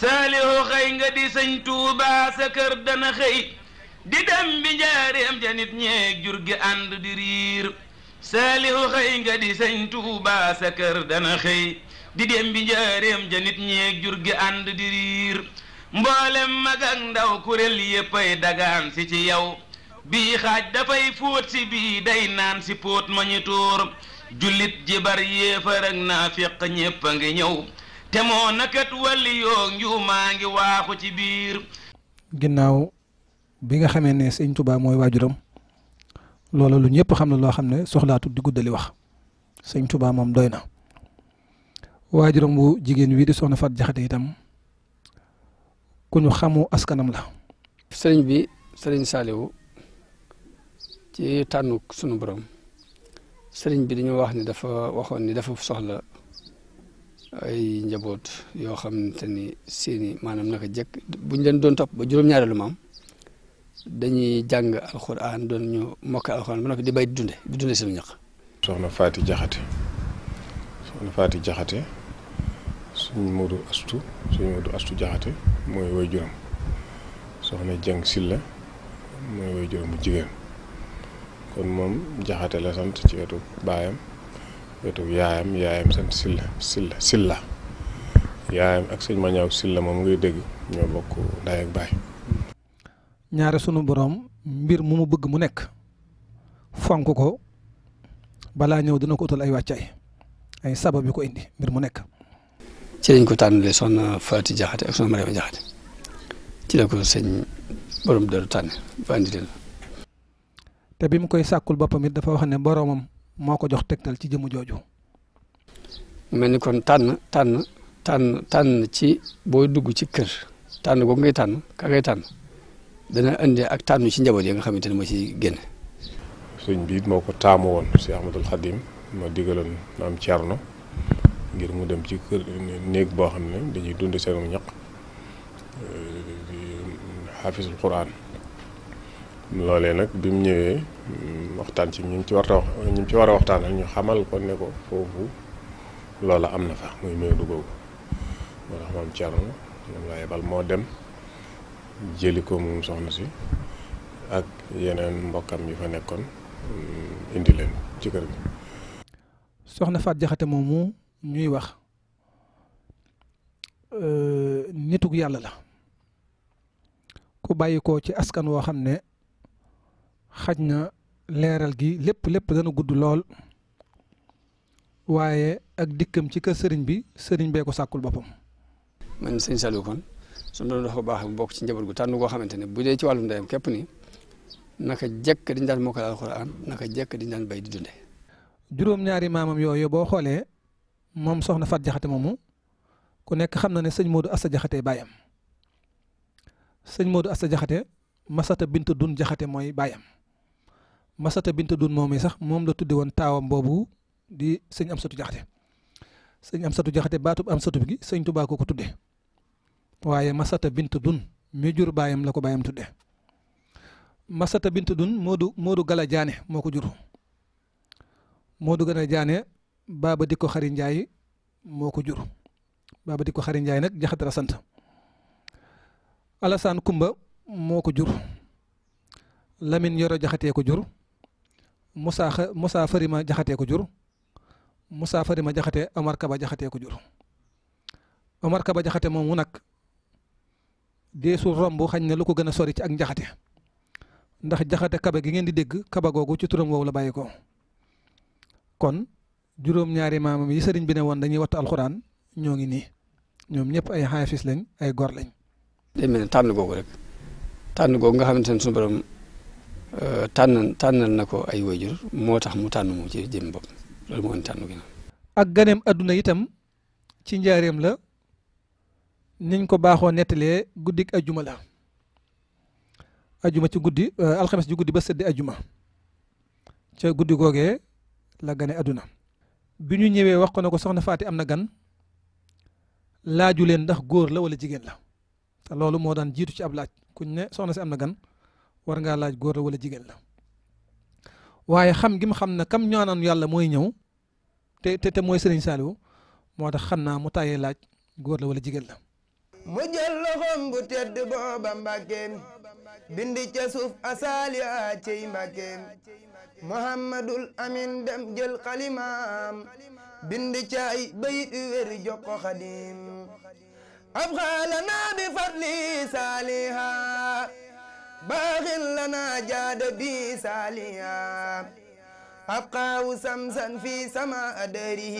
saalihu xëy nga di sëñ tuuba sa kër dana xëy di dem bi njaareem ja nit ñeeg jur gi ànd di riir saalihu xëy nga di sëñ tuuba sa kër dana xëy di dem bi njaareem ja nit ñeeg jur gi ànd di riir mboolem mag ak ndaw kuréel yéppay dagaan si ci yow bii xaaj dafay fóot si bii day naan si póot ma ñu tuur jullit jibar yéefar ak ñépp a ngi ñëw te moo nakat wàlli yoo njuumaa ngi waaxu ci biir ginnaaw bi nga xamee ne sëñ tubaa mooy waajuram loola lu ñëpp xam na loo xam ne soxlaatu di guddali wax sëñ tubaa moom doy na waajuram bu jigéen wii di soxna Fat Jaxate itam ku ñu xamu askanam la sëriñ bi sëriñ Saaliwu ci tànnu sunu borom sëriñ bi dañu wax ni dafa waxoon ni dafa soxla ay njaboot yoo xamante ni seeni maanaam naka jekk buñ leen doon topp ba juróom-ñaareelu maam dañuy jàng alxuraan doon ñu mokk alxuraan ba noppi di bay di dunde di dunde seen ñax soxna Faati Jaxate soxna Faati Jaxate suñ Modou Astu suñ Modou Astu Jaxate mooy way juróom soxna Jeng Silla mooy way juróom jigéen kon moom Jaxate la sant ci wetu baayam wetu yaayam yaayam sant silla silla silla yaayam ak sëñ Mañaaw silla moom ngay dégg ñoo bokk ndaay ak baay ñaare sunu borom mbir mu mu bëgg mu nekk fonk ko balaa ñëw dina ko utal ay wàccaay ay sabab yu ko indi mbir mu nekk ci lañ ko tànnale soxna Faati Jaxate ak soxna Mariama Jaxate ci la ko sëñ borom dëru tànne ba andi leen te bi mu koy sàkkul boppam dafa wax ne boromam moo ko jox tegtal ci jëmu jooju. mel ni kon tànn tànn tànn tànn ci booy dugg ci kër tànn boobu ngay tànn ka ngay tànn dana indi ak tànn ci njaboot yi nga xamante ne moo ci génn. sëñ bi moo ko taamu woon si Ahmadul Xadim ma digaloon maam Thierno ngir mu dem ci kër néeg boo xam ne dañuy dund seen ñaq xaafisul euh, Quraan loolee nag bi mu ñëwee mm, waxtaan ci ñu ci war a ñu ci war a waxtaan ñu xamal ko ne ko foofu loola am na fa muy Meedu googu moo moom dem jëli ko moom soxna si ak yeneen mbokkam yi fa nekkoon mm, indi leen ci kër soxna Faat Jaxate moomu ñuy wax euh, nitug yàlla la ku bàyyi ko ci askan woo xam ne. xaj na leeral gi lépp lépp dana gudd lool waaye ak dikkam ci kër sëriñ bi sëriñ bee ko sàkkul boppam. man sëñ salu kon suñu doon dafa baax bokk ci njaboot gu tànn koo xamante ne bu dee ci wàllu ndeyam képp ni naka jekk dañ daan mokkal alxuraan naka jekk dañ daan bay di dunde juróom-ñaari maamam yooyu boo xoolee moom soxna Fat Jaxate moomu ku nekk xam na ne sëñ Modou Asta Jaxate baayam sëñ Modou Asta Jaxate Masata Bintu Dun Jaxate mooy baayam masata binta dun moom yi sax moom la tudde woon taawam boobu di sëñ am satu jaxate sëñ am satu jaxate baatub am satu gi sëñ tubaa ko tudde waaye masata binta dun mi jur baayam la ko baayam tudde masata binta dun moodu moodu gala jaane moo ko jur moodu gala jaane baaba di ko xari njaay moo ko jur baaba di ko xari njaay nag jaxate la sant alasaan kumba moo ko jur lamin yoro jaxatee ko jur Moussa Moussa Farima Jaxate ko jur Moussa Farima Jaxate Omar Kaba Jaxate ko jur Omar Kaba Jaxate moom mu nag deesul romb xañ ne lu ko gën a sori ci ak Jaxate ndax Jaxate Kaba gi ngeen di dégg Kaba googu ci turam woowu la bàyyi ko kon juróom-ñaari maamam yi sëriñ bi ne woon dañuy wattu alxuraan ñoo ngi nii ñoom ñëpp ay xaafis lañ ay gor lañ. day mel ne tànn googu rek tànn googu nga xamante ne suñu tànn tànnal na ko ay wayjur moo tax mu tànn moom ci jëm bopp loolu moo indi tànn gi ak ganeem adduna itam ci njaareem la niñ ko baaxoo nettalee guddik ajuma la ajuma ci guddi euh, alxames ji guddi ba ajuma ca guddi googee la gane adduna bi ñu ñëwee wax ko na ko soxna Faati am na gan laaju leen ndax góor la wala jigéen la te loolu moo daan jiitu ci ab laaj kuñ ne soxna si am na gan war ngaa laaj góor la wala jigéen la waaye xam gi mu xam ne kam ñaanoon yàlla mooy ñëw te te mooy sëriñ Saliou moo tax xam naa mu tàyyee laaj góor la wala jigéen la mu jël loxoom bu tedd booba mbàkkeem bindi ca suuf asaaliya ciy mbàkkeem muhammadul amin dem jël xalimaam bindi ca ay bayit wér jox ko ab xaalana bi fadli saaliha باغ لنا جاد بي ساليا أبقى سمسا في سماء دره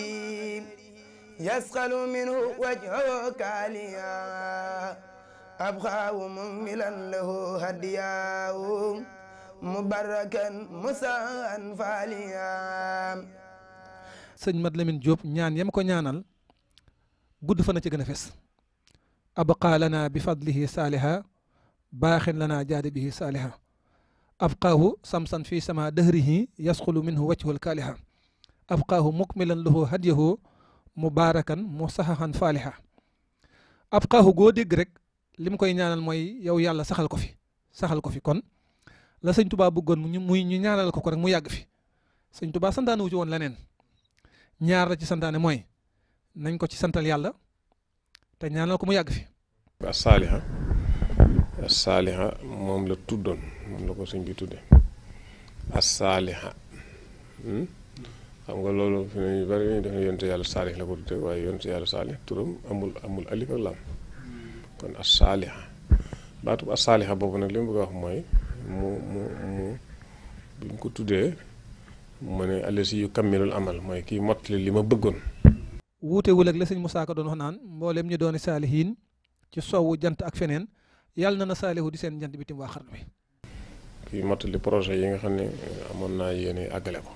يسقل منه وجهه كاليا أبقى مملا له هديا مباركا مساء فاليا sëñ Mat Lamin Jóob ñaan yam ko ñaanal gudd fa na ci gën a fes abqaa lana bi fadlihi saaliha baaxin lanaa jaadi bihi saaliha abqaahu samsan fi sama dëhrihi yasxulu minhu wajhul kaaliha abqaahu mukmilan lahu hadiyahu mubaarakan mu saxaxan faaliha abqaahu goo dégg rek li mu koy ñaanal mooy yow yàlla saxal ko fi saxal ko fi kon la sëñ tubaa bëggoon muy ñu ñaanal ko ko rek mu yàgg fi sëñ tubaa santaane wu ci woon leneen ñaar la ci santane mooy nañ ko ci santal yàlla te ñaanal ko mu yàgg fi saaliha saalixa moom la tuddoon moom la ko sëñ bi tudde as saaliha hmm? xam nga loolu fi ne bari ñu def ne yonte yàlla saalih la ko tudde waaye yonte yàlla saalih turam amul amul alif ak lam kon as saaliha baatub as saaliha boobu nag li mu bëgg a wax mooy mu mu mu bi mu ko tuddee mu ne allasi yu kammilul amal mooy kii mottali li ma bëggoon wuutewul ak la sëñ Moussa Ka doon wax naan mboolem ñu doon saalihiin ci sowwu jant ak feneen yàlla na na saalihu di seen njant bitim tim waa xarnu bi kii mottali projet yi nga xam ne amoon naa yéene àggale ko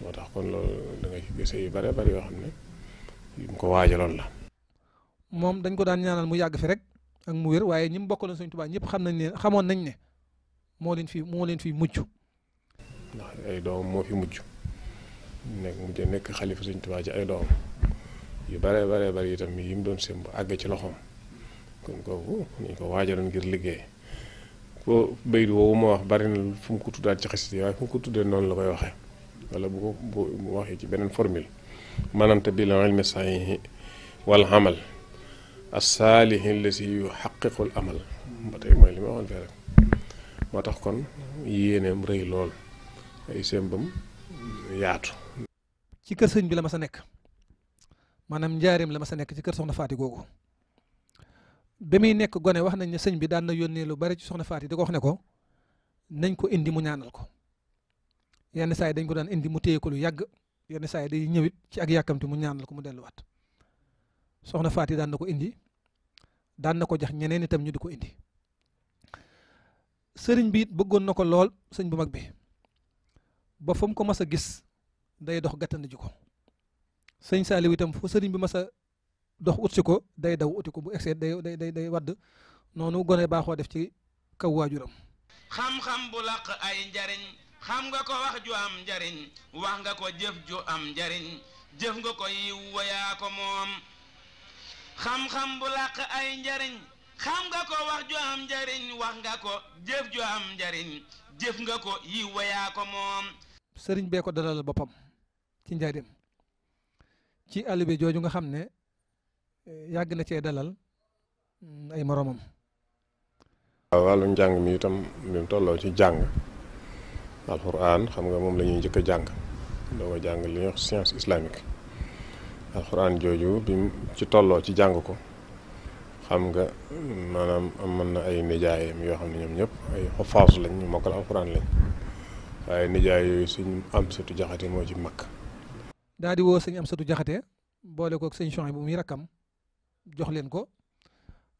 moo tax kon loolu da ngay yu bare bari yoo xam ne yu ko waajaloon la moom dañ ko daan ñaanal mu yàgg fi rek ak mu wér waaye ñim mu bokkaloon Sëñ Tuubaa ñëpp xam nañ ne xamoon nañ ne moo leen fi moo leen fi mujj ndax ay doom moo fi mujj nekk mujj nekk xalifa Sëñ Tuubaa ci ay doom yu bare bare bari itam yi mu doon sëmb àgg ci loxoom kon kooku nañ ko waajaloon ngir liggéey ko bayit woowu ma wax bari na fu mu ko tuddaat ci xasida waaye fu ko tuddee noonu la koy waxee wala bu ko bu waxee ci beneen formule manante bi la ilmi sahihi wal amal as-saalihi allasi amal ba tey ma moo tax kon yéeneem lool ay bi la ma sa nekk maanaam njaareem la ma sa nekk ci kër soxna Faati googu ba muy nekk gone wax nañ ne sëñ bi daan na yónnee lu bari ci soxna Faati di ko wax ne ko nañ ko indi mu ñaanal ko yenn saay dañ ko daan indi mu téye ko lu yàgg yenn saa day ñëwit ci ak yàkkamti mu ñaanal ko mu delluwaat soxna Faati daan na ko indi daan na ko jax ñeneen itam ñu di ko indi sëriñ bi it bëggoon na ko lool sëñ bu mag bi ba fu ko mas a gis day dox gàttandu ji ko sëñ Saaliw itam fu sëriñ bi mas dox ut si ko day daw uti ko bu egsee day day day day wadd noonu gone baaxoo def ci kaw waajuram xam-xam bu laq ay njariñ xam nga ko wax ju am njariñ wax nga ko jëf ju am njariñ jëf nga ko yiw wayaa ko moom xam-xam ay njariñ xam nga ko wax njariñ wax nga ko jëf ju njariñ jëf nga ko yiw wayaa ko moom sëriñ bee ko dalal boppam ci njariñ ci alibe jooju nga xam ne yàgg na cee dalal mm, ay moroomam. waaw wàllum njàng mi itam ni mu tolloo ci jàng alxuraan xam nga moom lañuy ñuy njëkk a jàng doo jàng li ñuy wax science islamique alxuraan jooju bi ci tolloo ci jàng ko xam nga maanaam am mën na ay nijaayam yoo xam ne ñoom ñëpp ay xofaas lañ ñu mokkal alxuraan waaye nijaay yooyu suñ am satu jaxate moo ci mag. daa di woo sëñ am satu jaxate boole koog sëñ Chouaib bu muy rakkam. jox leen ko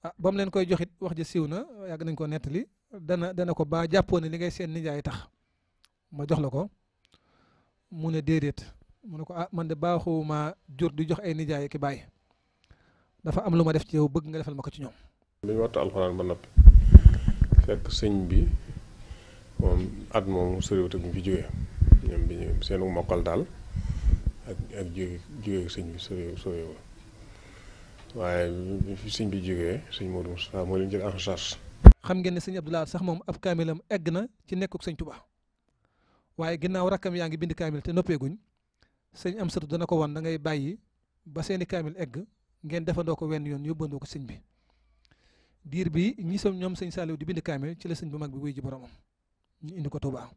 ah ba mu leen koy joxit wax ji siw na yàgg nañ ko nettali dana dana ko baa jàppoo ne li ngay seen nijaay tax ma jox la ko mu ne déedéet mu ne ko ah man de baaxuma jur di jox ay nijaay ki bàyyi dafa am lu ma def ci yow bëgg nga defal ma ko ci ñoom. bi ñu waxtu alxuraan ba noppi fekk sëñ bi moom at moomu soriwut ak mu fi daal ak ak sëñ bi soriwul waaye fi sëñ bi jógee sëñ Modou Moustapha moo leen jël en charge. xam ngeen ne sëñ Abdou Lahad sax moom ab kaamilam egg na ci nekkuk sëñ Touba waaye ginnaaw rakkam yaa ngi bind kaamil te noppeeguñ sëñ am satu dana ko wan da ngay bàyyi ba seeni kaamil egg ngeen defandoo ko wenn yoon yóbbandoo ko sëñ bi diir bi ñi sam ñoom sëñ Saliou di bind kaamil ci la sëñ bu mag bi wuy ji boromam ñu indi ko Touba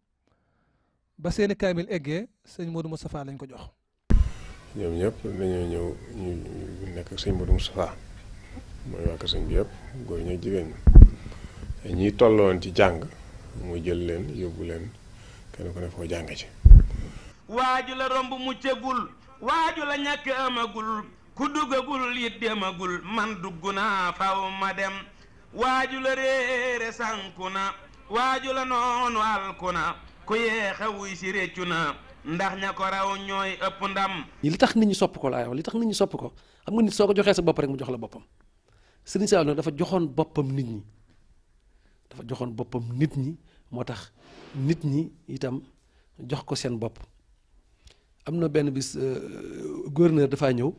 ba seeni kaamil eggee sëñ Modou Moustapha lañ ko jox. ñoom ñëpp dañoo ñëw ñu nekk ak sëñ Modou mooy waa kër sëñ bi góor ñoo jigéen ñi ñiy tolloon ci jàng mu jël leen yóbbu leen kenn ku ne foo jàng ci waaju la romb mu cëggul waaju la ñàkk amagul ku duggagul it demagul man dugg naa faw ma dem waaju la réere sànku na waaju la noonu alku na ku yeexa si réccu na ndax ña ko raw ñooy ëpp ndam. li tax nit ñi sopp ko laa yow li tax nit ñi sopp ko xam nga nit soo ko joxee sa bopp rek mu jox la boppam Serigne Saliou nag dafa joxoon boppam nit ñi dafa joxoon boppam nit ñi moo tax nit ñi itam jox ko seen bopp am na benn bis euh, gouverneur dafaa ñëw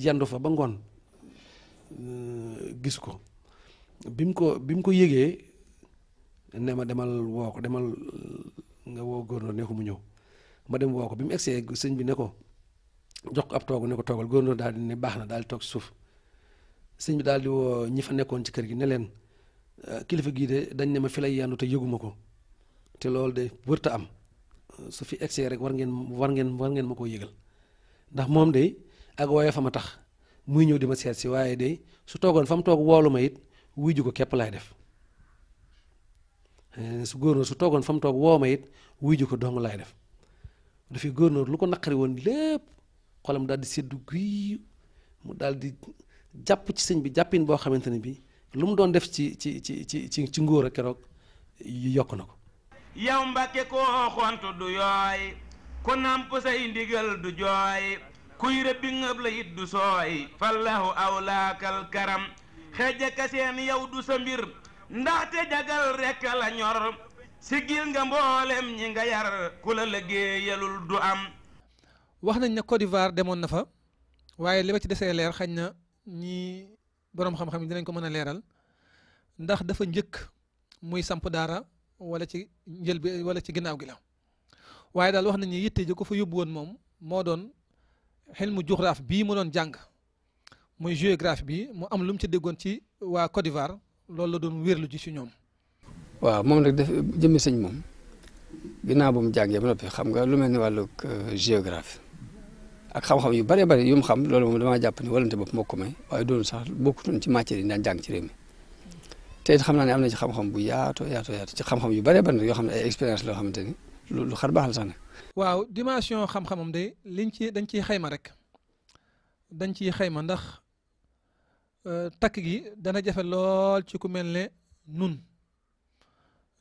yandu fa ba ngoon euh, gis ko bi mu ko bi mu ko yëgee ne demal woo ko demal. nga woo góornóor ne ko mu ñëw ma dem woo ko bi mu egsee sëñ bi ne ko jox ko ab toogu ne ko toogal góornóor daal di ne baax na daal di toog suuf sëñ bi daal di woo ñi fa nekkoon ci kër gi ne leen euh, kilifa gii de dañ ne ma fi lay yandu te yëguma ko te loolu de wërta am su fi egsee rek war ngeen war ngeen war ngeen ma koo yëgal ndax moom de ak wooye fa ma tax muy ñëw di ma seet si waaye de su toogoon fa mu toog woolu ma it wuy ko képp laay def Eh, su góornóor su toogoon fa mu toog woo it wuy ji ko dong laay def dafay góornóor lu ko naqari woon lépp xolam daal di seddu mu daal di jàpp ci sëñ bi jàppin boo xamante ne bi lu mu doon def ci ci ci ci ci ngóor a keroog yokk na ko yow mbàkke koo xont du yooy ku nàmp say ndigal du jooy kuy rëbbi ngëb it du sooy fallahu awlaakal karam xeej a kaseen yow du sa mbir ndaxte jagal rekk la ñor siggil nga mboolem ñi nga yar ku la liggéeyalul du am. wax nañ ne Côte d'Ivoire demoon na fa waaye li ma ci desee leer xañ na ñi boroom xam-xam yi dinañ ko mën a leeral ndax dafa njëkk muy samp daara wala ci njël wala ci ginnaaw gi la waaye daal wax nañ ni yitte ji ko fa yóbbu woon moom moo doon xilmu juxraaf bii mu doon jàng muy géographie bi mu am lu mu ci déggoon ci waa Côte d'Ivoire. loolu la doon wérlu ji si ñoom. waaw moom nag def jëmmi sëñ moom ginnaaw bu mu jàngee ba noppi xam nga lu mel ni wàllu euh, géographie ak xam-xam yu bare bëri yu mu xam loolu moom damaa jàpp ne walante bopp mokk ko may waaye doon sax bokkutoon ci matière yi daan jàng ci réew mi te it xam naa ne am na ci xam-xam bu yaatoo yaatoo yaatoo ci xam-xam yu bare bëri nag yoo xam ne ay expérience la yoo xamante ni lu xar baax la sax nag. waaw dimension xam-xamam de liñ ci dañ ciy xayma rek dañ ciy ndax. Euh, takk gi dana jafe lool ci ku mel ne nun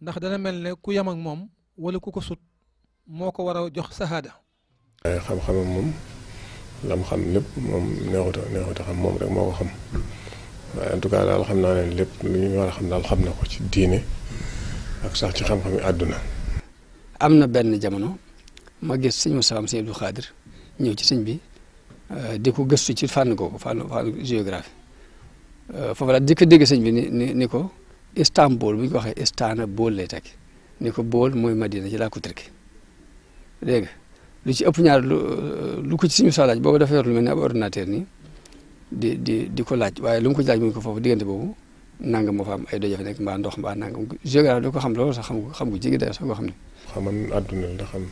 ndax dana mel ne ku yam ak moom wala ku ko sut moo ko war a jox sahaada waaye xam-xamam moom lam xam lépp moom neexuta neexuta xam moom rek moo ko xam waaye en daal xam naa ne lépp lu ñu war a xam daal xam na ko ci diine ak sax ci xam-xami àdduna am na benn jamono ma gis sëñ Moussa am sëñ Abdou Khadir ñëw ci sëñ bi euh, di ko gëstu ci fànn googu fànn fànn géographie Euh, foofu daal dikk dégg sëñ bi ni ni ni ko Istanbul bu ñu ko waxee bool lay teg ni ko bool mooy Madina ci laa ko tërki lu ci ëpp ñaar lu euh, lu ko ci suñu saa laaj boobu dafa yor lu mel ne ab ordinateur nii di di di ko laaj waaye lu mu ko laaj ko foofu diggante boobu nangam moo fa am ay dojafe nekk mbaa ndox mbaa nangam géographie da ko xam loolu sax xam ko xam ko jigi day sax xam ne xaman àdduna la xam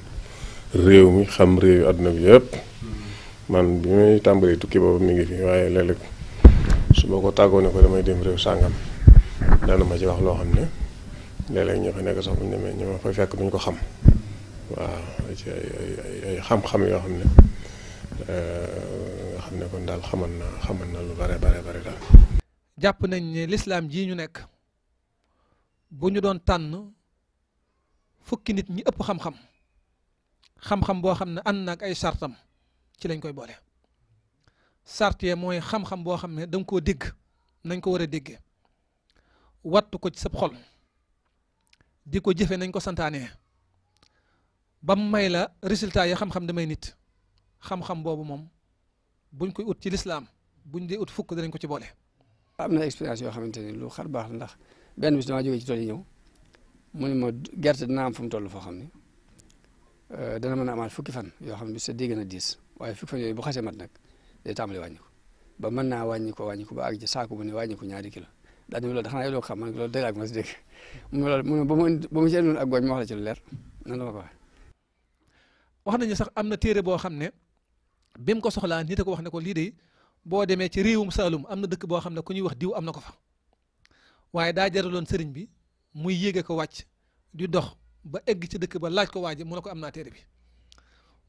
réew mi xam réew yi àdduna bi yëpp hmm. man bi may tàmbalee tukki boobu mi ngi fi waaye léeg su boo ko tàggoo ne ko damay dem réew sàngam dana ma ci wax loo xam ne léeg ñoo fa nekk sax bu ñu ñoo fa fekk duñ ko xam waaw ay xam-xam yoo xam ne euh, nga xam ne kon daal xamal na xamal na lu bare bare bare daal. jàpp nañ ne lislaam jii ñu nekk bu ñu doon tànn fukki nit ñi ëpp xam-xam xam-xam boo xam ne ànd na ak ay sartam ci lañ koy boole. sartee mooy xam-xam boo xam ne danga nga koo dégg nañ ko war a déggee wattu ko ci sab xol di ko jëfee nañ ko santaanee ba mu may la résultat yi xam-xam damay nit xam-xam boobu moom buñ koy ut ci lislaam buñ dee ut fukk danañ ko ci boole. am na expérience yoo xamante ni lu xar baax la ndax benn bis damaa jógee ci tool yi ñëw mu ne ma gerte dina am fu mu toll foo xam ni euh, dana mën a amaat fukki fan yoo xam ne sa dégg na diis waaye fukki fan yooyu bu xasee mat nag. day tàmbali wàññi ko ba mën naa wàññi ko wàññi ko ba àgg ci saako bu ne wàññi ko ñaari kilo daal di ne loolu loolu dëgg ak ma si dégg mu loolu mu ba mu ba mu seen ak gooñ ma la ci lu leer nan la ma ko waxee. sax am na téere boo xam ne bi ko soxlaa nit ko wax ne ko lii de boo demee ci réewum Saalum am na dëkk boo xam ne ku ñuy wax diw am na ko fa waaye daa jaraloon sëriñ bi muy yéege ko wàcc di dox ba egg ci dëkk ba laaj ko waa ji mu ne ko am naa téere bi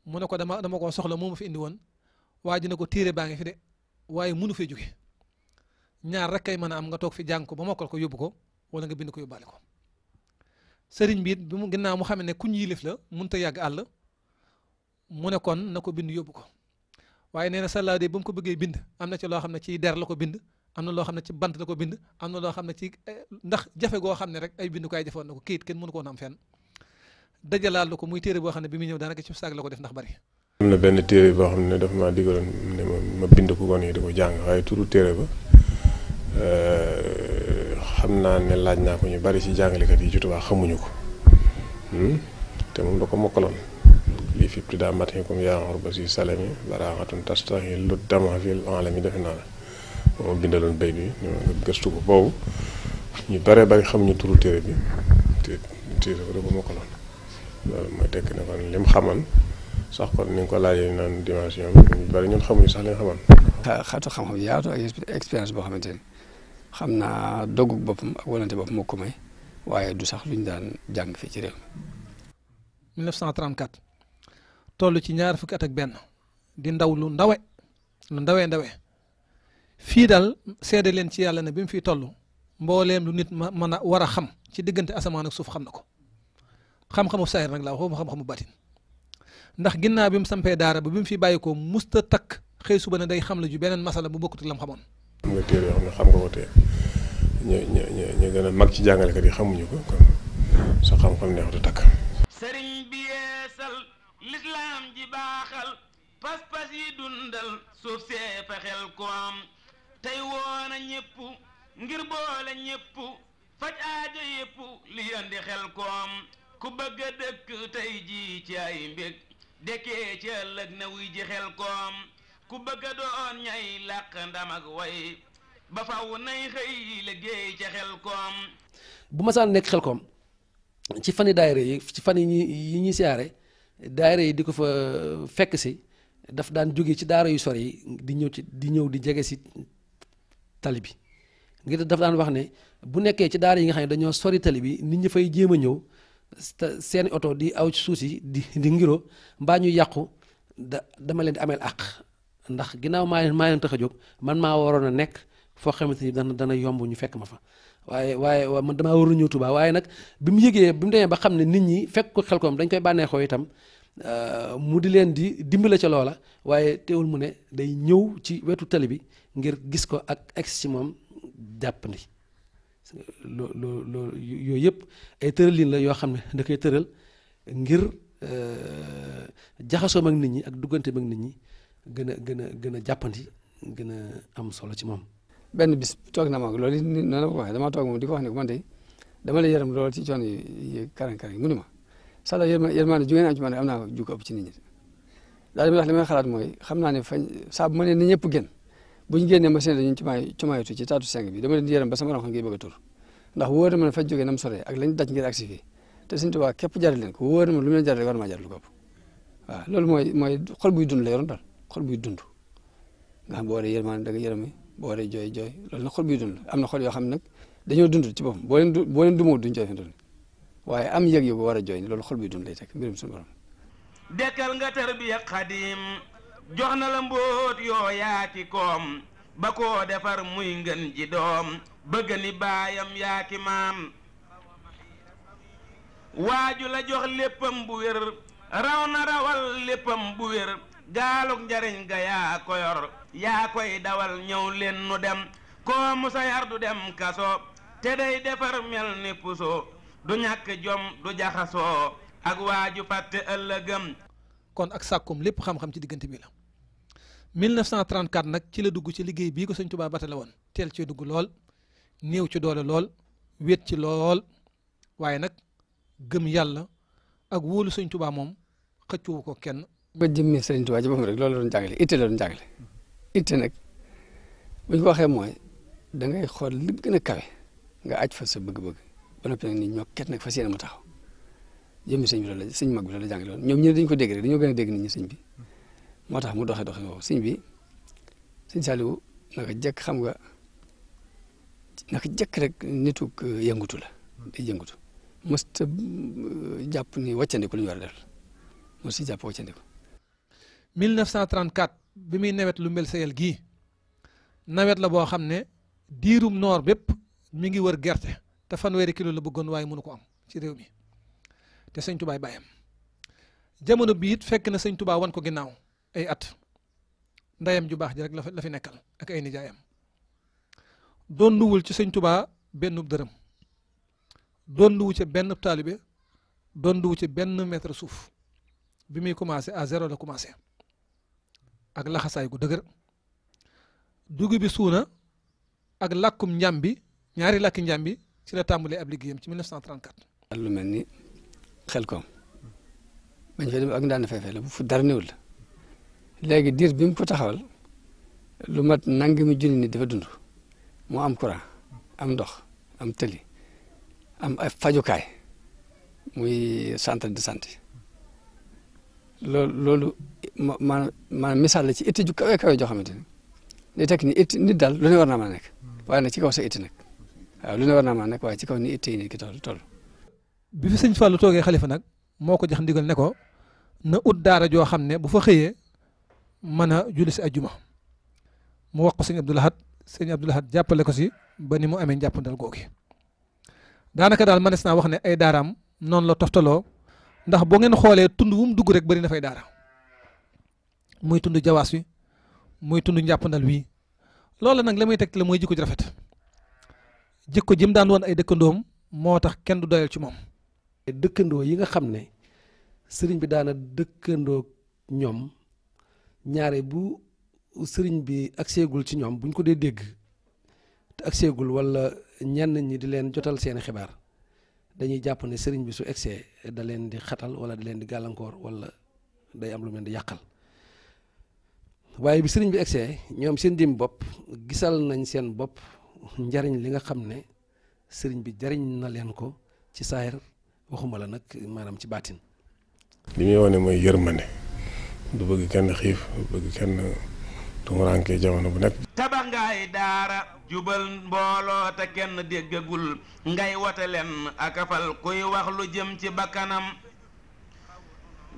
mu ne ko dama dama koo soxla moo ma fi indi woon waaye dina ko téere baa ngi fi de waaye mënu fee jóge ñaar rek kay mën a am nga toog fi jàng ko ba mokkal ko yóbbu ko wala nga bind ko yóbbaale ko sëriñ bi it bi mu ginnaaw mu xam ne kuñ yilif la mënut a yàgg àll mu ne kon na ko bind yóbbu ko waaye nee na sallaa de ba mu ko bëggee bind am na ci loo xam ne ci der la ko bind am na loo xam ne ci bant la ko bind am na loo xam ne ci eh, ndax jafe goo xam ne rek ay bindukaay jafoon na ko kayit kenn mënu ko woon am fenn dajalaal ko muy téere boo xam ne bi muy ñëw daanaka ci saag la ko def ndax bari am na benn téere boo xam ne dafa maa digaloon ne ma bind ko kon yi di ko jàng waaye turu téere ba euh, xam naa ne laaj naa ko ñu bari ci jàngalekat yi ci Tuubaa xamuñu ko hmm? te moom da ko mokkaloon lii fi daa mat comme yaa xor ba si salami baraaxatun tastaxi lu dama fi alami defe naa la moom ñu gëstu ko boobu ñu xamuñu turu téere bi te téere ba da ko mokkaloon loolu mooy tekk ne kon lim xaman sax kon ni nga ko laajee naan dimension bi bari ñun xamuñu sax li nga xa xatu xam-xam yaatu ak expérience boo xamante ni xam naa doggu boppam ak walante boppam moo ko may waaye du sax lu ñu daan jàng fii ci réew mi. 1934 ci ñaar fukki at ak benn di ndaw lu ndawe lu ndawe ndawe fii dal sede leen ci yàlla ne bi mu fi toll mbooleem lu nit ma mën a war a xam ci diggante asamaan ak suuf xam na ko xam-xamu saayir nag laa waxuma xam-xamu batin ndax ginnaaw bi mu sampee daara ba bi mu fi bàyyi ko musta takk xëy suba ne day xam la ju beneen masala bu bokkut ak la mu xamoon. am na téere gën a mag ci jàngalekat yi xamuñu ko kon sa xam-xam neexut a takk. sëriñ bi yeesal lislaam ji baaxal pas-pas yi dundal suuf see fexeel ko am tey woon a ngir boole ñëpp faj aajo yëpp li andi xel ko ku bëgg a dëkk tey jii ci ay mbég. dekkee ci ëllëg na wuy xel koom ku bëgg a doon ñay làq ndam ak way ba faw nay xëy liggéey ca xel koom bu masaan nekk xel koom ci fani daayira yi ci fan yi ñuy siyaare daayira yi di ko fa euh, fekk si daf daan jóge ci daara yu sori yi di ñëw di ñëw di jege si tali bi ngir daf daan wax ne bu nekkee ci daara yi nga xam ne dañoo sori tali bi nit ñi fay jéem a ñëw seeni oto di aw ci suuf si di di ngiro mbaa ñu yàqu da dama leen di ameel àq ndax ginnaaw maa leen maa leen tax a jóg man maa waroon a nekk foo xamante ni dana dana yomb ñu fekk ma fa waaye waaye man damaa waroon ñëw Tuubaa waaye nag bi mu yëgee bi mu demee ba xam ne nit ñi fekk ko xel koom dañ koy bànneexoo itam euh, mu di leen di dimbale ca loola waaye teewul mu ne day ñëw ci wetu tali bi ngir gis ko ak egg ci moom jàppandi. loo loo loo yooyu yëpp ay liin la yoo xam ne da kay tëral ngir euh, jaxasoom ak nit ñi ak duggante ak nit ñi gën a gën a gën a jàppandi gën a am solo ci moom. benn bis toog na ma loolu it nii noonu la toog moom di ko wax ne man de dama la lool ci coono yi karan karan yi mu ma sala yërmaane ju ngeen am ci am naa ju ko ëpp ci nit ñi daal di ma wax xalaat mooy xam naa ne fañ sabu bu ma nee ni ñëpp génn bu ñu génnee ma seen dañu ci taatu seng bi dama leen di yërëm ba sama ronxo ngi bëgg a tur ndax wóor na fa jógee na mu soree ak lañ daj ngir agsi fii te Sëñ Tuubaa képp jaral leen ko wóor na ma lu mu leen jaral war maa jaral mooy mooy xol buy dund la yoroon daal xol buy dund nga xam boo waree yërmaan da nga yërëme boo waree jooy jooy loolu nag xol buy dund am na xol yoo xam ne nag dañoo dund ci boppam boo leen du boo leen dumoo duñ jooy fi dund am yëg yu war a jooy ni loolu xol buy dund lay teg mbirum suñu borom dekkal tarbiya xadim jox na la mbóot yoo yaaki koom ba koo defar muy ngën ji doom bëgg ni baayam yaaki maam waaju la jox léppam bu wér raw na rawal léppam bu wér gaalug njariñ ga yaa ko yor yaa koy dawal ñëw leen nu dem koo musa yar du dem kaso te day defar mel ni puso du ñàkk jom du jaxasoo ak waaju fàtte ëllëgëm kon ak sàkkum lépp xam-xam ci diggante bi la 1934 nag ci la dugg ci liggéey bii ko sëñ Tuubaa batale woon teel cee dugg lool néew ci doole lool wéet ci lool waaye nag gëm yàlla ak wóolu sëñ Tuubaa moom xëccuwu ko kenn ba jëmmi sëñ Tuubaa ci boppam rek loolu la doon jàngale itte la doon jàngale itte nag bu ñu waxee mooy dangay ngay xool li gën a nga aj fa sa bëgg-bëgg ba noppi nag ni ñoo ket nag fas yéene mu taxaw jëmmi sëñ bi loolu la sëñ mag bi loolu la jàngale woon ñoom ñu ne ko dégg rek dañoo gën a dégg nit ñi sëñ bi moo tax mu doxee doxee woowu sëñ bi sëñ Saliou naka jekk xam nga naka jekk rek nituk euh, yëngutu la day yëngutu mësta euh, jàpp ni wàccandiku lu ñu war a def mos si jàpp wàccandiku bi muy nawet lu mel sayel gii nawet la boo xam ne diirum noor bépp mu ngi wër gerte te fanweeri kilo la bëggoon waaye mënu ko am ci réew mi te sëñ tubaay bàyyam jamono bi it fekk na sëñ tubaa wan ko ginnaaw ay at ndeyam ju baax ji rek la fi nekkal ak ay nijaayam doon nuwul ci sëñ tubaa benn dërëm doon ci benn taalibe doon ci benn mètre suuf bi muy commencé à zéro la commencé ak laxasaay gu dëgër dugub bi suuna ak làkkum njàm bi ñaari làkki njàm bi ci la tàmbalee ab liggéeyam ci 1934. lu mel ni xel koom bañ fay dem ak ndaan feefe la bu fu dara néewul la léegi diir bi ko taxawal lu mat nangi mu junni ni dafa dund mu am courant am ndox am tëli am ay fajukaay muy centre de santé loolu loolu maanaam maanaam la ci itti ju kawe kawe joo ni day tekk ni itti nit daal lu ne war naa a nekk waaye nag ci kaw sa itti nag lu ne war naa mën a nekk waaye ci kaw ni itti yi nit ki toll toll bi fi sëñ Fallou toogee xalifa nag moo ko jox ndigal ne ko na ut daara joo xam ne bu fa xëyee mën a julli si ajjuma mu wax ko sëñ Abdou Lahad sëñ Abdou jàppale ko si ba ni mu amee njàppandal googi daanaka daal manes naa wax ne ay daaraam noonu la toftaloo ndax boo ngeen xoolee tund wu mu dugg rek bari na fay daara muy tund jawaas wi muy tund njàppandal wi loolu nag la muy teg la mooy jikko ji rafet jikko jim daan woon ay dëkkandoom moo tax kenn doyal ci moom dëkkandoo yi nga xam ne sëriñ bi daana dëkkandoo ñoom ñaare bu sëriñ bi ak seegul ci ñoom buñ ko dee dégg te ak seegul wala ñenn ñi di leen jotal seeni xibaar dañuy jàpp ne sëriñ bi su egsee da leen di xatal wala da leen di gàllankoor wala day am lu leen di yàqal waaye bi sëriñ bi egsee ñoom seen dim bopp gisal nañ seen bopp njariñ li nga xam ne sëriñ bi jariñ na leen ko ci saayir waxuma la nag maanaam ci baatin li muy wane mooy yërmande du bëgg kenn xiif du bëgg kenn tumuraankee jamono bu nekk tabax ngay daara jubal mbooloo te kenn déggagul ngay wote leen akafal kuy wax lu jëm ci bakkanam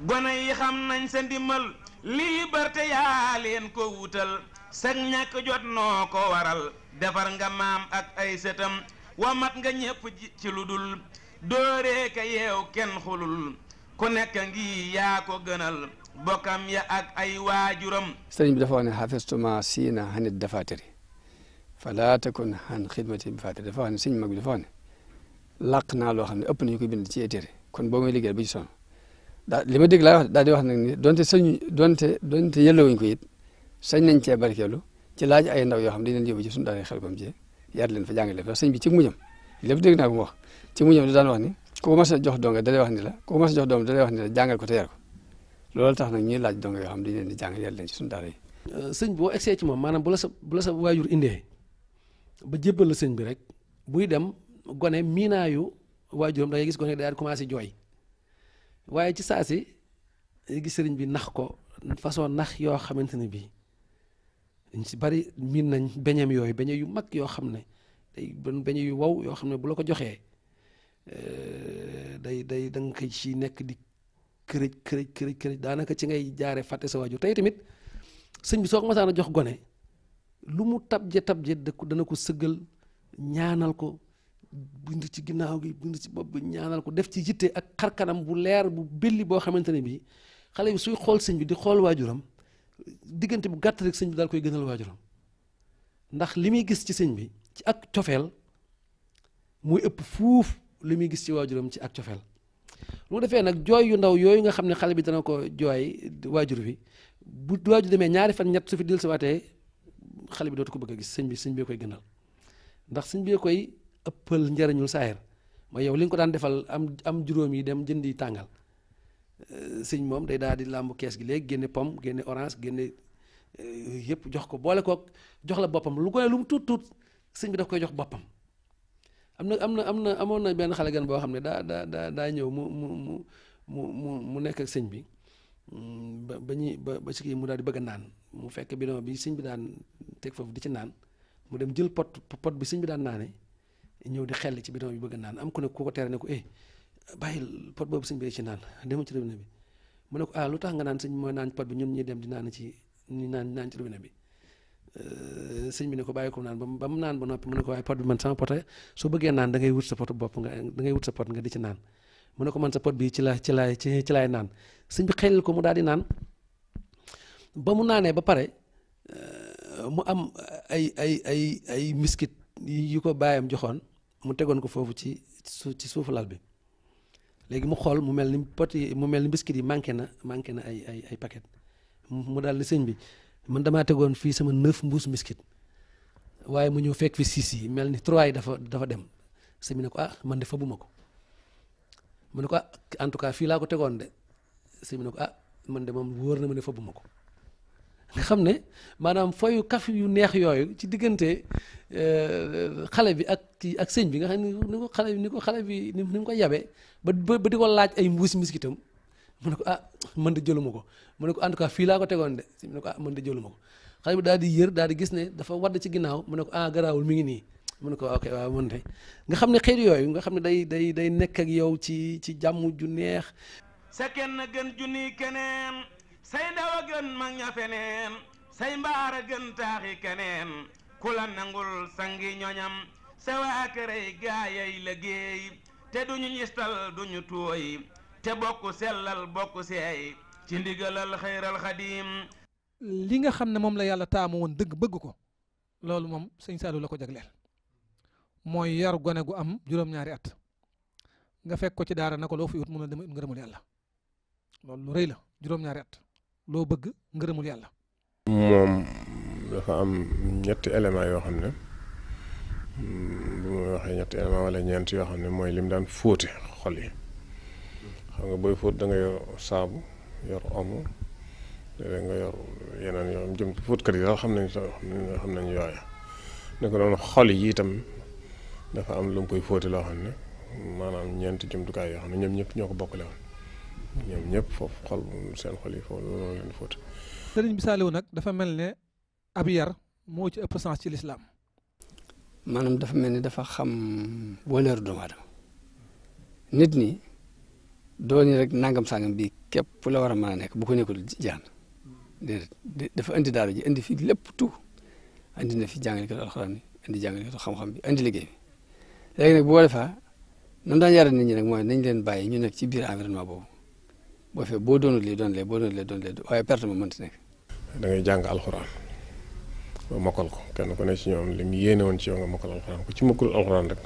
gone yi xam nañ sa ndimbal liberté yaa leen ko wutal sag ñàkk jot noo ko waral defar nga maam ak ay sëtam mat nga ñépp ci lu dul dooree ka yeew kenn xulul ku nekk ngi yaa ko gënal bokkam ya ak ay waajuram sëriñ bi dafa wax ne xafistuma siina xanit dafatiri fala takun xan xidmati fatiri dafa wax ne sëñ mag bi dafa wax ne làq naa loo xam ne ëpp nañu ko bind ci étere kon boo muy liggéey bu ci sonn daa li ma dégg daal di wax nag ni donte sëñu donte donte yellowuñ ko it sañ nañ cee barkeelu ci laaj ay ndaw yoo xam ne dañ leen yóbbu ci suñu daara xel kom ci yar leen fa jàngale fa sëñ bi ci mujjam lépp dégg naa ko mu wax ci mu ñëw di daan wax ni ku mas a jox donga dalay wax ni la ku mas a jox doom dalay wax ni jàngal ko te yar ko loolu tax nag ñii laaj donga yoo xam dañu leen di jàng yar leen ci suñu daara yi euh, sëñ boo egsee ci moom maanaam bu la sa bu la ba jébbal la sëñ bi rek buy dem gone miinaayu waajuram da ngay gis gone daal di commencé jooy waaye ci saa gis sëriñ bi nax ko façon nax yoo xamante ne bii ñu si bari miin nañ beñam yooyu beñe yu mag yoo xam ne day beñe yoo xam ne bu la ko joxee Euh, day day da nga koy ci nekk di kërëj kërëj kërëj kërëj daanaka ci ngay jaare fàtte sa waajur tey tamit sëñ bi soo ko masaan a jox gone lu mu tabje tabje dana ko sëggal ñaanal ko bind ci ginnaaw gi bind ci bopp bi ñaanal ko def ci yitte ak karkanam bu leer bu belli boo xamante ne bii xale bi suy xool sëñ bi di xool waajuram diggante bu gàtt sëñ bi daal koy gënal waajuram ndax li muy gis ci sëñ bi ci ak cofeel muy ëpp fuuf li muy gis ci waajuram ci ak cofeel lu mu defee nag jooy yu ndaw yooyu nga xam ne xale bi dana ko jooy waajur bi bu waajur demee ñaari fan ñett su fi dil si waatee xale bi dootu ko bëgg a gis sëñ bi sëñ bee koy gënal ndax sëñ bee koy ëppal njariñul saayir mooy yow li nga ko daan defal am am juróom yi dem jëndi tàngal euh, sëñ moom day daal di làmb kees gi léegi génne pomme génne orange génne euh, yëpp jox ko boole kook jox la boppam lu ko lu mu tuut tuut sëñ bi koy jox boppam am na am na am na amoon na benn xale gan boo xam ne daa daa daa daa ñëw mu mu mu mu mu mu nekk ak sëñ bi mm, ba ba ñuy ba ba si kii mu daal di bëgg naan mu fekk bidon bi sëñ bi daan teg foofu di ci naan mu dem jël pot pot bi sëñ bi daan naane ñëw di xell ci bidon bi bëgg naan am ku ne ku ko tere ne ko eh bàyyil pot boobu sëñ bi ci naan demal ci robinet bi mu ne ko ah lu tax nga naan sëñ bi mooy naan pot bi ñun ñuy dem di naan ci ñu naan naan bi. Euh, sëñ bi ne ko bàyyi ko naan ba mu naan ba noppi mu ne ko waaye pot bi man sama pot soo bëggee naan da ngay wut sa pot bopp nga da ngay wut pot nga di ci naan mu ne ko man sa pot bi ci la ci laay ci ci laay naan sëñ bi xelal ko mu daal di naan ba mu naanee ba pare euh, mu am ay ay ay ay miskit yu ko baayam joxoon mu tegoon ko foofu ci suuf ci suufu lal bi léegi mu xool mu mel ni pot yi mu mel ni mbiskit yi manqué na manqué na ay ay ay paquet mu daal di sëñ bi man damaa tegoon fii sama neuf mbuus miskit waaye mu ñëw fekk fi six yi mel ni trois yi dafa dafa dem sëñ ko ah man de fabuma ko mu ne ko ah en tout cas fii laa ko tegoon de sëñ ko ah man de moom wóor na ma ne fabuma ko nga xam ne maanaam foyu kaf yu neex yooyu ci diggante euh, xale bi ak kii ak sëñ bi nga xam ni ko xale bi ni ko xale bi ni mu ko yabe ba ba di ko laaj ay mbuus miskitam mu ne ko ah man de jëluma ko mu ne ko en tout cas fii laa ko tegoon de mu ne ko ah man de jëluma ko xale bi daal di yër daal di gis ne dafa wadd ci ginnaaw mu ne ko ah garaawul mi ngi nii mu ne ko ah, ok waaw man nga xam ne xeet yooyu nga xam ne day day day nekk ak yow ci ci jàmm ju neex sa kenn gën junni keneen say ndaw a gën mag feneen say mbaar a gën taaxi keneen ku la nangul sangi ñoñam sa waa këray gaayay liggéey te duñu ñistal duñu tooy te bokk sellal bokk seey ci ndigalal xayral xadiim li nga xam ne moom la yàlla taamu woon dëgg bëgg ko loolu moom sëñ Saliou la ko jagleel mooy yaru gone gu am juróom-ñaari at nga fekk ko ci daara na ko loo fi ut mun a dem ngërëmul yàlla loolu lu rëy la juróom-ñaari at loo bëgg ngërëmul yàlla. moom dafa am ñetti éléments yoo xam ne bu ma waxee ñetti éléments wala ñeent yoo xam ne mooy lim daan fóote xol yi. xam nga booy fóot da nga yor saabu yor omo léeg-léeg nga yor yeneen yoo jëm fóotkat yi daal xam nañ xam nañ yooya ne ko noonu xol yi dafa am lu mu koy fóoti loo xam ne maanaam ñeenti jumtukaay yoo xam ne ñoom ñëpp ñoo ko bokk woon ñoom ñëpp foofu xol seen xol yi foofu loolu leen fóoti sëriñ nag dafa mel ne ab yar moo ci ëpp lislaam maanaam dafa mel ni dafa xam valeur doomu nit ñi doo ni rek nangam sangam bii képp la war a mën a nekk bu ko nekkul jaan déedéet dafa indi daal ji indi fi lépp tout indi na fi jàng alxuraan bi indi jàngalekatu xam-xam bi liggéey bi léegi nag bu ko defaa nam daan yara nit ñi nag mooy nañ leen bàyyi ñu nekk ci biir environnement boobu boo fee boo doonul lii doon lee boo doonul lee doon lee waaye perte ma mënti nekk. da ngay jàng alxuraan ba mokkal ko kenn ku ne ci ñoom li mu woon ci yow nga mokkal alxuraan ci mokkul alxuraan rek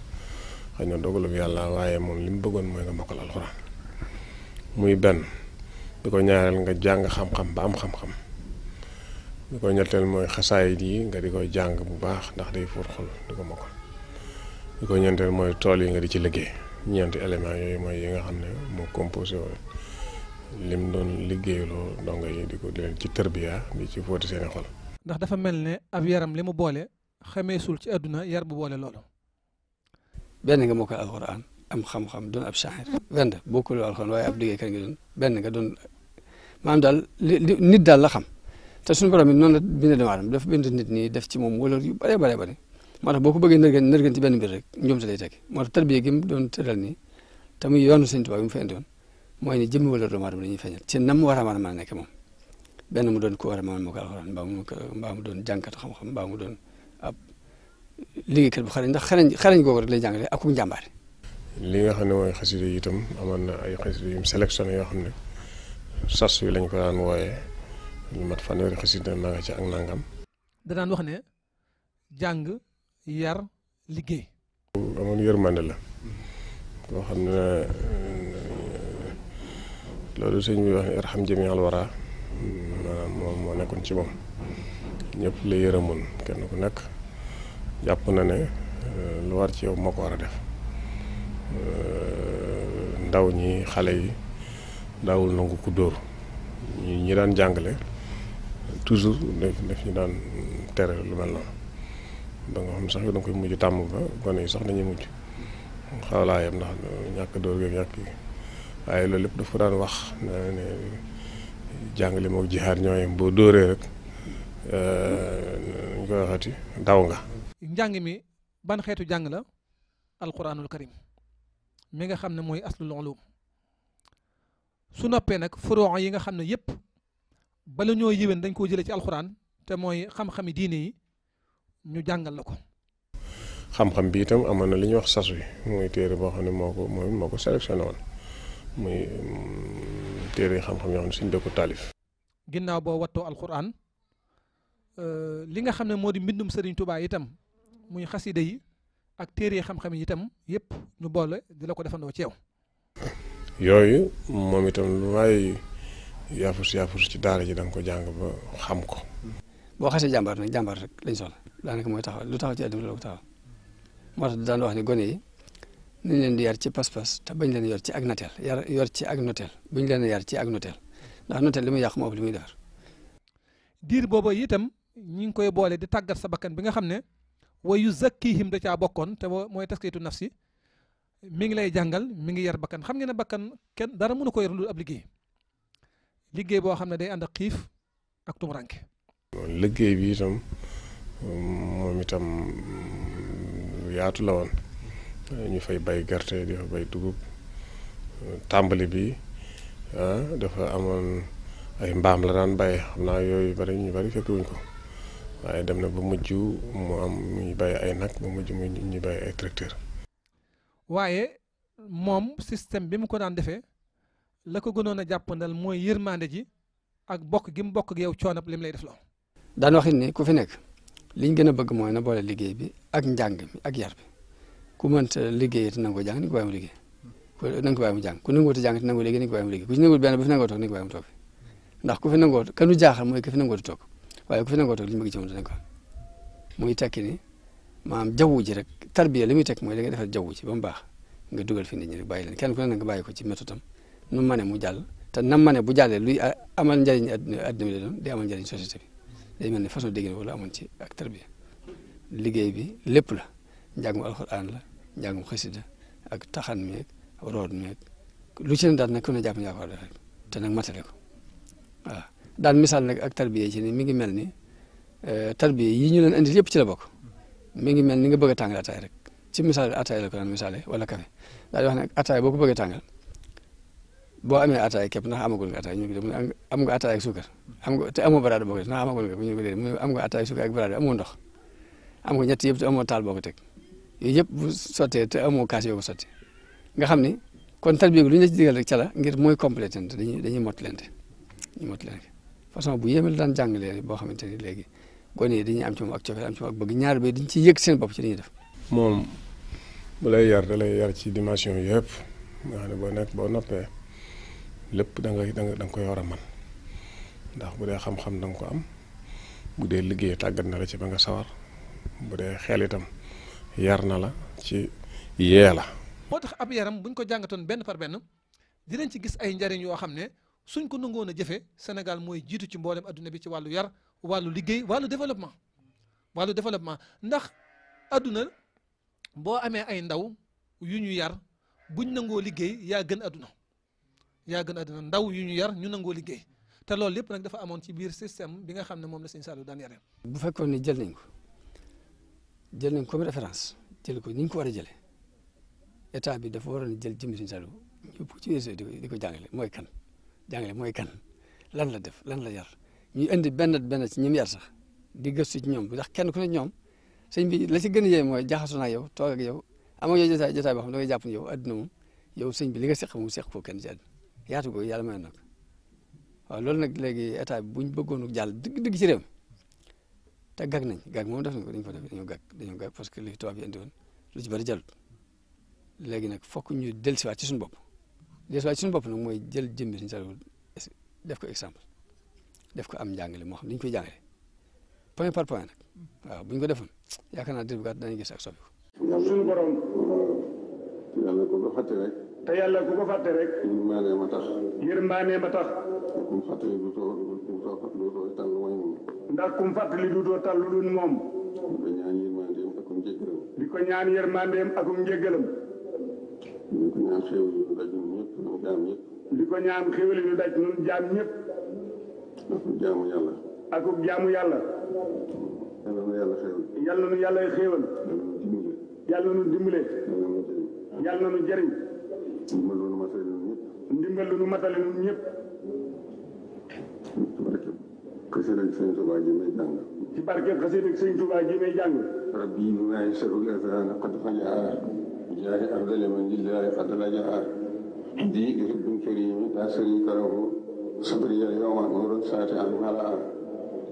xëy na waaye moom li mu bëggoon mooy nga mokkal alxuraan muy benn bi ko ñaareel nga jàng xam-xam ba am xam-xam bi ko ñetteel mooy xasaayit yi nga di ko jàng bu baax ndax day fóot xol di ko ma mokkal bi ko ñeenteel mooy tool yi nga di ci liggéey ñeenti éléments yooyu mooy yi nga xam ne moo composé woon lim doon liggéeyaloo ndongo yi di ko di leen ci tërbiya bi ci fóoti seeni xol ndax dafa mel ne ab yaram li mu boole sul ci àdduna yar bu boole loolu nga mokkal alxuraan am xam-xam doon ab saxir benn bokkul alxuraan waaye ab liggéeykat nga doon benn nga doon maanaam daal li nit daal la xam te sun borom bi noonu la bind doomu aadama dafa bind nit nii def ci moom wala yu bëree bëree bëri moo tax boo ko bëggee nërgan nërgan ci benn mbir rek ñoom te lay tekki moo tax tarbiya gi mu doon tëral nii te muy yoonu sëñ Tuubaa bi mu fa indi woon mooy ni jëmmi wala doomu aadama dañuy feeñal nam war a mën a mën a nekk moom benn mu doon ku war a a mokkal alxuraan mbaa mu mbaa mu doon jànkatu xam-xam mbaa mu doon ab liggéeykat bu xarañ ndax xarañ xarañ googu rek lay jàngale ak njàmbaare li nga xam ne mooy xasida yi itam amoon na ay xasida yu sélectionné yoo xam ne sas wi lañ ko daan wooye lu mat fanweeri xasida maa nga ci ak nangam. da daan wax ne jàng yar liggéey. amoon yërmande la koo xam ne eh, loolu sëñ bi wax ne irham moom moo nekkoon ci moom ñëpp la yërëmoon kenn ku nekk jàpp na ne eh, lu war ci yow moo ko war a def. Euh, ndaw ñi xale yi daawul nangu ku dóor ñi ñi daan jàngale toujours daf daf ñu daan tere lu mel noonu ba nga xam sax da nga koy mujj tàmm ba gone yi sax dañuy mujj xawlaayam ndax ñàkk dóor geeg ñàkk waaye loolu lépp dafa ko daan wax ne ne jàngale moog jihaar ñooyam boo dóoree rek euh, ñu koy waxati daw nga. njàng mi ban xeetu jàng la alquranul karim. mi nga xam ne mooy aslul ulum su noppee nag furon yi nga xam ne yëpp bala ñoo yéwén dañ koo jëlee ci alxuraan te mooy xam-xami diine yi ñu jàngal la ko. xam-xam bi tam amoon na li ñuy wax sas wi muy téere boo xam ne moo ko mooy moo ko sélectionné muy mm, téere xam-xam yoo xam ne suñ dëkku taalif. ginnaaw boo wattoo alxuraan euh, li nga xam ne moo di mbindum Serigne Touba itam muy xasida yi. ak téere xam-xam yi itam yëpp ñu boole di la ko defandoo ci yow. yooyu moom itam lu may yaafus yaafus ci daara ji da ko jàng ba xam ko. boo xasee jàmbaar nag jàmbaar rek lañ soxla daanaka mooy taxaw lu taxaw ci àdduna la ko taxaw moo tax daan wax ne gone yi nañ leen di yar ci pas-pas te bañ leen yor ci ak noteel yor ci ak noteel buñ leen yar ci ak noteel ndax noteel li muy yàq moo li muy defar. diir boobu itam ñi ngi koy boole di tàggat sa bakkan bi nga xam ne. wa yuzakkihim da caa bokkoon te mooy taskiyatu nafsi mi ngi lay jàngal mi ngi yar bakkan xam ngeen ne bakkan kenn dara mënu ko yar lu ab liggéey boo xam ne day ànd ak xiif ak tumuranke liggéey bi itam moom itam yaatu la woon ñu fay bay gerte di fa bay dugub tàmbali bi ah, dafa amoon ay mbaam la daan bay xam naa yooyu bari ñu bari fekkiwuñ ko waaye dem na ba mujj mu am muy bàyyi ay nag ba mujj mu ñuy bàyyi ay tracteur waaye moom système bi mu ko daan defee la ko gënoon a jàppandal mooy yërmande ji ak bokk gi mu bokk ak yow coonab li mu lay def loo daan ni ku fi nekk liñ gën a bëgg mooy na boole liggéey bi ak njang mi ak yar bi ku mënta liggéey te nangoo jàng ni ko bàyyi mu liggéey na nga ko bàyyi mu jàng ku nangoo liggéey ni ko bàyyi mu liggéey ku ci nangoot benn bu fi nangoo toog ni ko bàyyi mu toog ku fi nangoo kanu jaaxal mooy waaye ku fi nangoo toog li ma gis moom danañ ko am muy tekki ni maanaam jaww ji rek tarbiya li muy tekk mooy da ngay jaww ji ba mu baax nga dugal fi nit ñi rek bàyyi leen kenn ko ne nga bàyyi ko ci métootam nu mu mënee mu jàll te nam mënee bu jàllee luy amal njariñ adduna mi bi la doon di amal njëriñ société bi day mel ne façon déggin wala amoon ci ak tarbiya liggéey bi lépp la njàngum alxuraan la njàngum xasida ak taxan meeg rood meeg lu ci ne nag ku ne jàpp ne yaa rek te nag matale ko daan misaal nag ak tarbiya ci ni mi ngi mel ni euh, tarbiya yi ñu leen indil yëpp ci la bokk mi ngi mel ni nga bëgg a tàngal rek ci misaal ataay la ko daan misaale wala kafe daal di wax ne ataay boo ko bëggee tàngal boo amee ataay képp ndax amagul nga ataay ñu ngi am nga ataay ak suukar am nga te amoo baraada boo ko def ndax amagul nga ñu ko dee am nga ataay suukar ak baraada amoo ndox am nga ñett yëpp te amoo taal boo ko teg yooyu yëpp bu sottee te amoo kaas yoo ko sotti nga xam ni kon tarbiya bi lu ñu la ci digal rek ca la ngir mooy dañuy dañuy mottalante ñu mottalante façon bu yéeme la daan jàngalee boo xamante ni léegi gone yi dañuy am ci moom ak cofeel am ci moom bëgg ñaar ba dañ ciy yëg seen bopp ci li ñuy def. moom bu lay yar da yar ci dimension yëpp nga ne boo nekk boo noppee lépp da nga koy war a man ndax bu dee xam-xam da ko am bu dee liggéey tàggat na la ci ba nga sawar bu dee xel tam yar na la ci yee la. moo tax ab yaram buñ ko jàngatoon benn par benn dinañ ci gis ay njariñ yoo xam ne. suñ ko nangoon a jëfee Sénégal mooy jiitu ci mbooleem adduna bi ci wàllu yar wàllu liggéey wàllu développement wàllu développement ndax adduna boo amee ay ndaw yu ñu yar buñ nangoo liggéey yaa gën adduna yaa gën adduna ndaw yu ñu yar ñu nangoo liggéey te loolu lépp nag dafa amoon ci biir système bi nga xam ne moom la sëñ Saliou daan yaree. bu fekkoon ne jël nañ ko jël nañ ko comme référence jël ko ni ko war a jëlee état bi dafa waroon jël jëmmi sëñ Saliou ñëpp ci université ko jàngale mooy kan. jàngale mooy kan lan la def lan la yar ñu indi benn benn ci ñim yar sax di gëstu ci ñoom ndax kenn ku ne ñoom sëñ bi la ci gën a mooy jaxasoo naa yow toog ak yow amoo yow jotaay jotaay boo xam ne da ngay jàpp yow sëñ bi li nga seq moom seq ko kenn ci àdduna yaatu ko yàlla mayoon waaw loolu nag léegi état bi buñ bëggoon jàll dëgg-dëgg ci réew te gag nañ gag moom def nañ ko dañ ko def dañoo gag dañoo gag parce que li tubaab yi indi woon lu ci bari jàllut léegi nag fokk ñu dellusiwaat ci suñu bopp des waaye mooy jël jëmmi suñu def ko exemple def ko am njàngale moo xam dañu koy jàngale point par point naa dër gis ak soppiku. ndax suñu ko fàtte rek. moom. ndax ku mu fàttali du too moom. di ko ñaan jaam ñëpp. di ko ñaan xéwal ñu daj ñun jaam ñëpp. akub jaamu yàlla. akub jaamu yàlla. yàlla na yàlla yàlla na yàlla xéwal. yàlla na dimbale. yàlla nu jëriñ. ndimbal lu nu matale ñun ñëpp. ndimbal lu nu matale ñun ñëpp. xasida ak sëñ Touba ji jàng. ci barke xasida ak sëñ Touba ji jàng. rabbi maa yasaluka an qad fajaa jaahi ardal man lillahi qad rajaa دي رب كريم لا شريك له صبري اليوم نور ساعتي عن على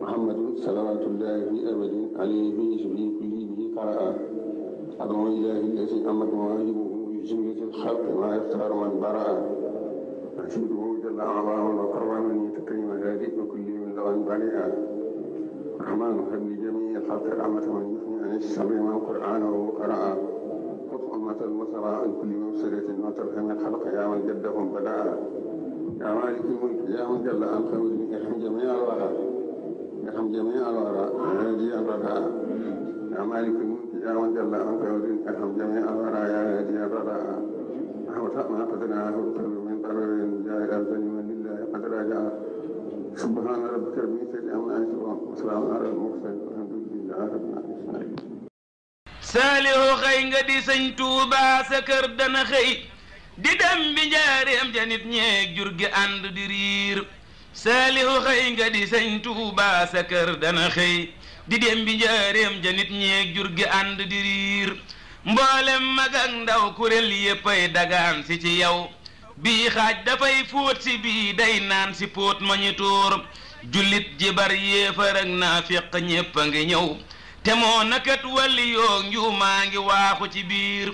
محمد صلوات الله أبد عليه به كل به قرأ أدعو إله الذي أمت مواهبه بجملة الخلق ما يختار من برأ أشهده جل أعظم وكرمني تكريم هذه وكل من لغن برئ الرحمن هب لجميع الخلق رحمة من يثني عن السمع من قرآنه قرأ الخلق أمة المسرى عن كل مبصرة وترحم الخلق يا من جدهم بدأ يا مالك الملك يا من جل عن خوزه ارحم جميع الورى ارحم جميع الورى هادي الرداء يا مالك الملك يا من جل عن خوزه ارحم جميع الورى يا هادي الرداء نحو ما قدرناه من قرر جاء الزن من لله قد راجع سبحان ربك رب العزة عما يصفون وسلام على المرسلين والحمد لله رب العالمين saalihu xëy nga di sëñ tuuba sa kër dana xëy di dem bi njaareem ja nit ñeeg jur gi ànd di riir saalihu xëy nga di sëñ tuuba sa kër dana xëy di dem bi njaareem ja nit ñeeg jur gi ànd di riir mboolem mag ak ndaw kuréel yéppay dagaan si ci yow bii xaaj dafay fóot bii day naan si póot ma jullit ji bar yéefar ak naafiq ñépp a ngi ñëw te moo nakat wàlli yoo njuumaa ngi waaxu ci biir